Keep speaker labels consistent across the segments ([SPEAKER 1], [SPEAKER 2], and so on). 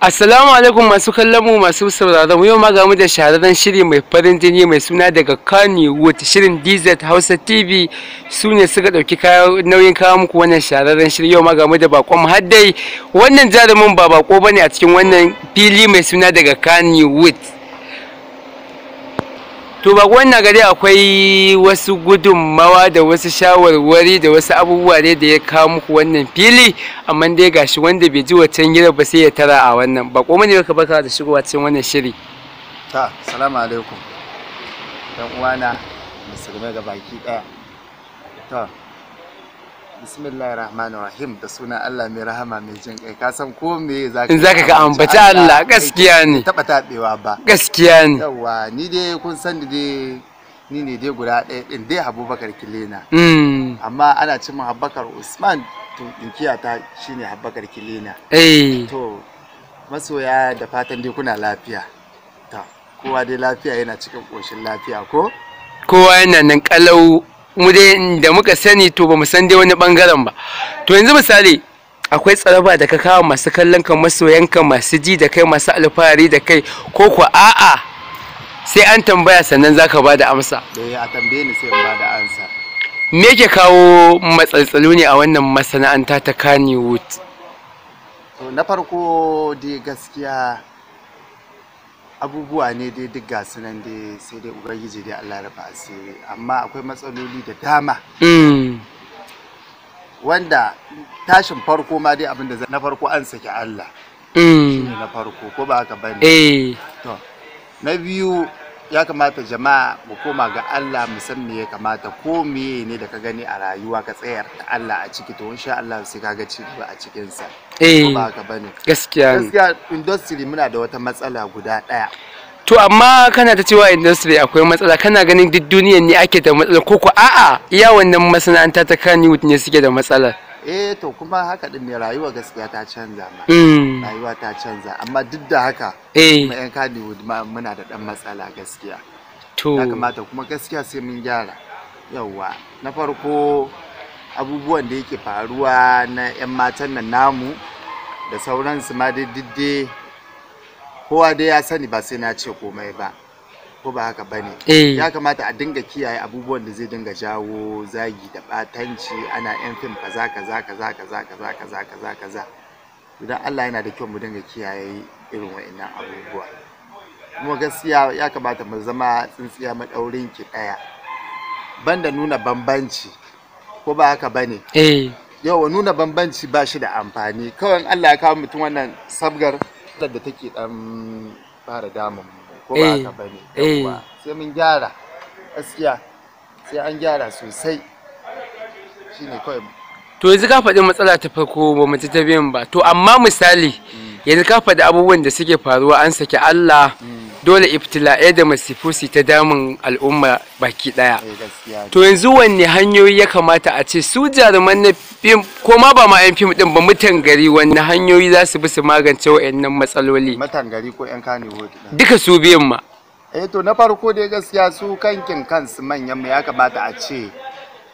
[SPEAKER 1] Assalamu alaikum masu kallon mu masu sauraron yau ma mu da shahararren shiri mai farin jini mai suna daga Kannywood shirin DZ Hausa TV su ne suka ɗauki nauyin kawo muku wannan shahararren shiri yau ma mu da bakon haddai wannan jarumin ba bako bane a cikin wannan fili mai suna daga Kannywood. to ba wannan gari akwai wasu gudunmawa da wasu shawarwari da wasu abubuwa ne da ya kawo muku wannan fili amma dai gashi wanda bai ji wancan gira ba sai ya tara a wannan ba ko mene ka baka da shigowa cikin wannan shiri
[SPEAKER 2] ta salamu alaikum dan uwana musulmai ga baki daya ta bismillahir rahmanir rahim da suna Allah mai rahama mai jin kai ka san ko me zaka in zaka ka ambaci Allah gaskiya ne taba tabewa ba gaskiya ne yawa ni dai kun san dai ni ne dai guda ɗaya din dai Abubakar Kilena hmm. amma ana cin Habakar Abubakar Usman to dinkiya ta shine Abubakar Kilena eh to masoya da fatan dai kuna lafiya ta kowa dai lafiya yana cikin koshin lafiya ko
[SPEAKER 1] kowa yana nan kalau mu dai da muka sani to ba mu san dai wani bangaren ba to yanzu misali akwai tsaraba da ka kawo masu kallon ka masoyanka masu ji da kai masu alfahari da kai ko ku a'a sai an tambaya sannan zaka bada amsa
[SPEAKER 2] eh a tambaye ni sai bada amsa
[SPEAKER 1] me yake kawo matsaltsalu ne a wannan masana'anta ta Kannywood
[SPEAKER 2] na farko dai gaskiya abubuwa ne dai duk ga dai sai dai ubangiji dai Allah rafa asiri amma akwai matsaloli da dama mm. wanda tashin farko ma dai abinda na farko an saki Allah
[SPEAKER 1] mm. shine na
[SPEAKER 2] farko ko ba haka bane eh. to na biyu ya kamata jama'a mu koma ga Allah mu san me ya kamata ko meye ne da ka gani a rayuwa ka tsayar da Allah a ciki to insha Allah sai ka ga ci gaba a cikin sa eh ba ka bane gaskiya gaskiya industry muna da wata matsala guda daya
[SPEAKER 1] to amma kana ta cewa industry akwai matsala kana ganin duk duniyar ne ake da matsala ko ko a'a iya wannan masana'anta ta Kannywood ne suke da matsala
[SPEAKER 2] eh to kuma haka din ne rayuwa gaskiya ta canza ma mm. rayuwa ta canza amma duk da haka eh. kuma yan ma muna da dan matsala gaskiya to ya kamata kuma gaskiya sai mun gyara yawa na farko abubuwan da yake faruwa na 'yan matan nan namu da sauransu ma dai kowa dai ya sani ba sai na ce komai ba ko ba haka bane eh. ya kamata a dinga kiyaye abubuwan da zai dinga jawo zagi da batanci ana yan fim kaza kaza kaza kaza kaza kaza kaza kaza idan Allah yana da kyau mu dinga kiyaye irin wa'annan abubuwa kuma gaskiya ya kamata mu zama tsintsiya madaurin ki daya banda nuna bambanci ko ba haka bane eh yawa nuna bambanci ba shi da amfani kawai Allah ya kawo mutum wannan sabgar da take dan fara damun ko ba haka
[SPEAKER 1] to yanzu ka faɗi matsala ta farko ba mu ta biyan ba to amma misali mm. yanzu ka faɗi abubuwan da suke faruwa an saki Allah mm. dole iftila'e da masifusi ta damun al'umma baki daya eh, to yanzu wanne hanyoyi ya kamata a ce su jaruman na fim ko ma ba ma yan fim din ba mutan gari wanne hanyoyi za su bi su magance
[SPEAKER 2] wa'annan matsaloli mutan gari ko yan kane duka su biyan ma eh to na farko dai gaskiya su kankin kansu manyan mu ya kamata a ce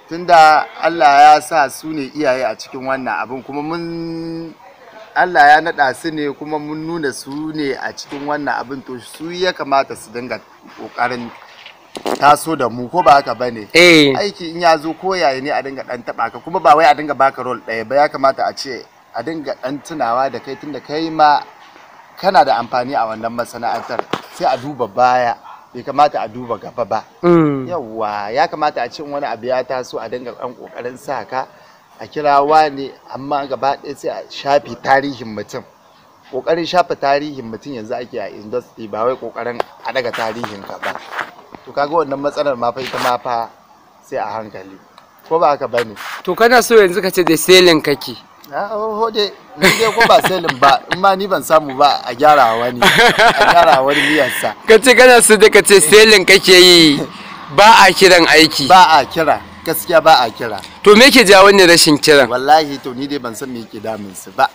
[SPEAKER 2] tunda Allah ya sa su ne iyaye a cikin wannan abin kuma mun Allah ya naɗa su ne kuma mun nuna su ne a cikin wannan abin to su ya kamata su dinga ƙoƙarin taso da mu ko ba haka bane ne? Eh. aiki in ya zo ko yaya ne a dinga dan taba ka kuma ba wai a dinga baka role ɗaya ba ya kamata a ce a dinga dan tunawa da kai tunda kai ma kana da amfani a wannan masana'antar sai a duba baya bai kamata a duba gaba ba mm. yawwa ya kamata a ce wani abu ya taso a dinga dan kokarin sa ka a kira ne amma gaba ɗaya sai a shafi tarihin mutum ƙoƙarin shafa tarihin mutum yanzu ake a industry ba wai ƙoƙarin a daga tarihin ka ba to kaga wannan matsalar ma fa ita ma fa sai a hankali ko ba haka bane to kana so yanzu ka ce da selin kake dai ni dai ko ba selin ba in ma ni ban samu ba a gyara wani a gyara wani miyarsa
[SPEAKER 1] ka ce kana so da ka ce selin kake yi ba a kiran aiki ba a kira gaskiya ba a kira
[SPEAKER 2] to me yake ja wannan rashin kiran wallahi to ni dai ban san me yake damun su ba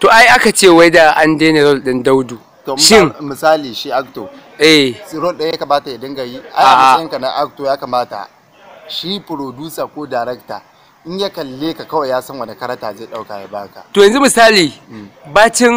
[SPEAKER 2] to
[SPEAKER 1] ai aka ce wai da an daina rol din daudu shin
[SPEAKER 2] misali shi
[SPEAKER 1] acto eh
[SPEAKER 2] rol ɗaya ya kamata ya dinga yi ai a ka na acto ya kamata shi producer ko director in ya kalle ka kawai ya san wani karata zai dauka ya baka
[SPEAKER 1] to yanzu misali hmm. bacin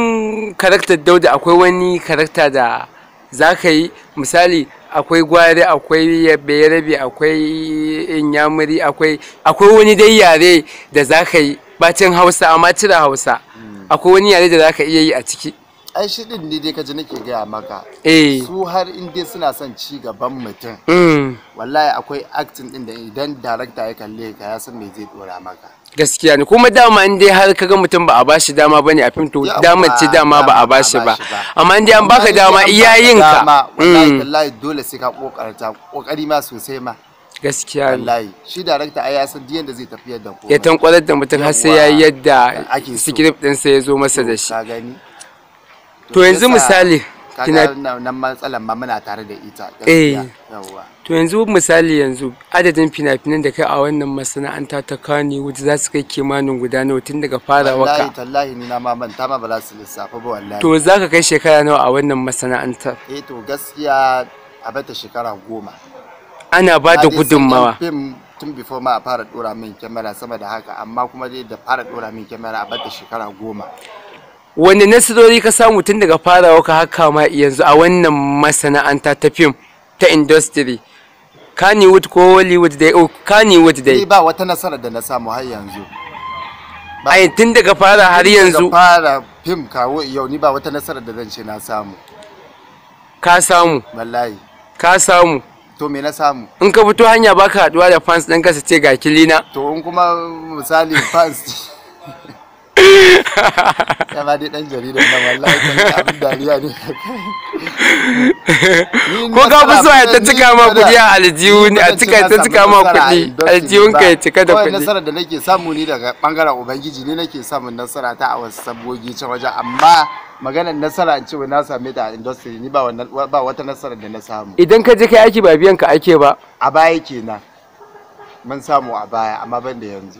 [SPEAKER 1] karaktar Daudu akwai wani karakta da za ka yi misali akwai gwari akwai bayarabe akwai inyamuri akwai akwai wani dai yare da za ka yi bacin hausa amma cire hausa hmm. akwai wani yare
[SPEAKER 2] da za ka iya yi a ciki ai din ne dai kaji nake gaya maka eh. su har in dai suna son ci gaban mutum hmm. wallahi akwai acting din da idan darakta ya kalle ka ya san me zai dora maka
[SPEAKER 1] gaskiya ne kuma dama in dai har kaga mutum ba a bashi dama bane a fim to dama ce dama ba a bashi ba amma in dai an baka dama iya yin ka wallahi
[SPEAKER 2] mm. dole sai ka kokarta kokari ma sosai ma gaskiya wallahi shi director ai ya san diyan da zai tafiyar da ko ya tankwalar
[SPEAKER 1] da mutum har sai yayi yadda script din sa ya zo masa da shi to yanzu misali kina
[SPEAKER 2] nan matsalan ma muna tare da ita eh
[SPEAKER 1] to yanzu misali yanzu adadin fina-finan da kai a wannan masana'anta ta kani wuce za su kai kimanin guda nawa tun daga fara waka wallahi
[SPEAKER 2] tallahi ni na ma ban ta ma ba za su lissafa ba wallahi to za
[SPEAKER 1] ka kai shekara nawa a wannan masana'anta
[SPEAKER 2] eh to gaskiya a bata shekara goma
[SPEAKER 1] ana ba da gudunmawa
[SPEAKER 2] tun before ma a fara dora min kyamara sama da haka amma kuma dai da fara dora min kyamara a bata shekara goma
[SPEAKER 1] wani nasarori ka samu tun daga farawa ka haka ma yanzu a wannan masana'anta ta fim ta industry kaniwood ko Hollywood dai oh kaniwood dai
[SPEAKER 2] ba wata nasara da na samu har yanzu ai tun daga fara har yanzu daga fara fim kawo yau ni ba wata nasara da zan ce na samu ka samu wallahi ka samu to me na samu in ka fito hanya baka
[SPEAKER 1] haduwa da fans ɗin ka su ce ga kilina
[SPEAKER 2] to in kuma misali fans kama dai dan jaridar nan wallahi kan abin dariya ne
[SPEAKER 1] ko ka fi so ya ta cika ma kudi a aljihu ne a cika ta cika ma kudi aljihun ka ya cika da kuɗi nasarar
[SPEAKER 2] da nake samu ni daga bangaren ubangiji ne nake samun nasara ta a wasu sabogi can waje amma maganar nasara in ce na same ta a industry ni ba wata nasarar da na samu
[SPEAKER 1] idan ka je kai aiki ba biyan ka ake ba a baya kenan
[SPEAKER 2] mun samu a baya amma ban da yanzu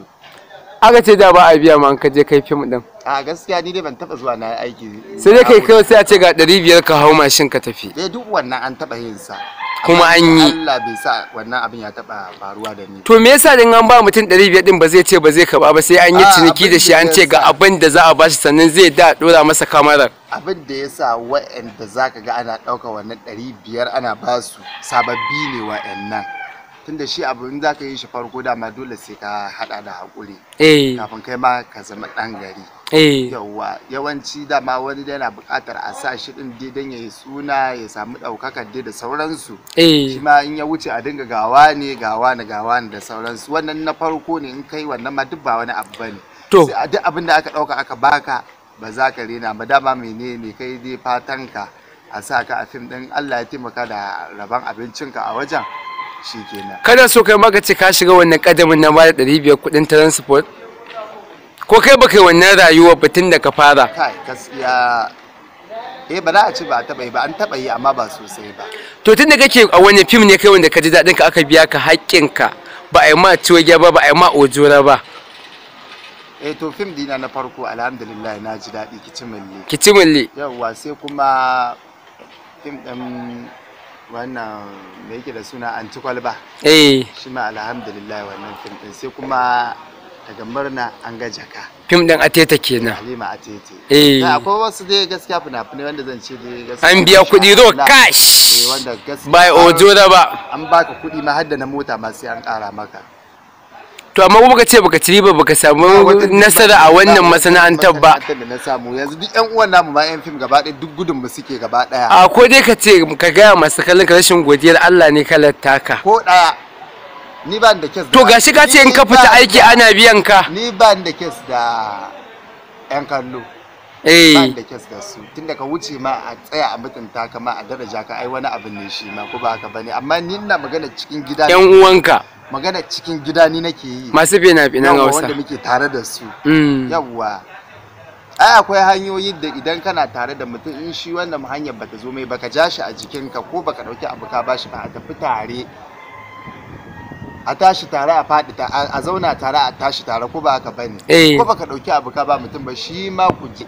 [SPEAKER 1] aka ce da ba a biya ma an ka je kai fim din
[SPEAKER 2] a gaskiya ni dai ban taba zuwa na aiki sai dai kai kawai
[SPEAKER 1] sai a ce ga 500 ka hau mashin ka tafi eh
[SPEAKER 2] duk wannan an taba yin sa kuma an yi Allah bai sa wannan abin ya taba faruwa da ni
[SPEAKER 1] to me yasa din an ba mutum 500 din ba zai ce ba zai kaba ba sai an yi ah, ciniki da shi an ce ga abin da za a bashi sannan zai da dora masa kamarar
[SPEAKER 2] abin da yasa wa'anda zaka ga ana dauka wannan 500 ana ba su sababbi ne wa'annan tunda shi abu in zaka yi shi farko dama dole sai ka hada da hakuri eh. kafin kai ma ka zama dan gari Eh. yawa yawanci dama wani yana buƙatar a sa shi din dai don ya yi suna ya samu ɗaukakar dai da sauransu eh. shi in ya wuce a dinga gawa ne gawa ne gawa ne da sauransu wannan na farko ne in kai wannan ma duk ba wani abu bane to duk abin da aka ɗauka aka baka ba za ka rena ba dama menene kai dai fatan ka a sa ka a fim ɗin Allah ya taimaka da rabon ka, a wajen shikenan
[SPEAKER 1] Kada so kai magace ka ce ka shiga wannan kadamin na ba da 500 kuɗin transport ko kai baka yi wannan rayuwar batun da ka fara
[SPEAKER 2] kai gaskiya eh ba za a ci ba taɓa yi ba an taɓa yi amma ba sosai ba
[SPEAKER 1] to tunda kake a wani fim ne kai wanda ka ji daɗin ka aka biya ka ka, ba a yi ma ciwoge ba ba a yi ma ojora ba
[SPEAKER 2] eh to fim dina na farko alhamdulillah na ji daɗi kicimilli kicimilli yawa sai kuma fim ɗin wannan me yake da suna antikwalba eh shi ma alhamdulillah wannan fim ɗin sai kuma daga murna an ga jaka
[SPEAKER 1] fim din atete kenan
[SPEAKER 2] halima atete eh akwai wasu dai gaskiya fina-finai wanda zan ce dai gaskiya an biya kuɗi ro cash eh, wanda gaskiya bai ojo da ba an baka kuɗi ma har da na mota ma sai an ƙara maka
[SPEAKER 1] to amma kuma ka ce baka ci ba baka samu nasara a wannan masana'antar ba da
[SPEAKER 2] na samu yanzu duk yan uwan namu ma yan fim gaba ɗaya duk gudun mu suke gaba ɗaya
[SPEAKER 1] a ko dai ka ce ka gaya masu kallon rashin godiyar Allah ne kalar taka ko
[SPEAKER 2] ɗaya ni ba da kes to gashi ka ce in ka fita aiki ana biyan ka ni ba da kes da yan kallo eh ba da kes da su tunda ka wuce ma a tsaya a mutunta ka ma a daraja ka ai wani abin ne shi ma ko ba haka bane amma ni ina magana cikin gida yan uwanka magana cikin gida ni nake yi masu bena bena Hausa wanda muke tare da su mm. yawwa ai akwai hanyoyi da idan kana tare da mutum in shi wannan hanyar bata zo mai baka ja shi a jikinka ko baka dauki abu ka bashi ba a tafi tare a tashi tare a faɗi a zauna tare a tashi tare ko ba haka bane eh. ko baka ɗauki abu ka ba mutum ba shi ma ku je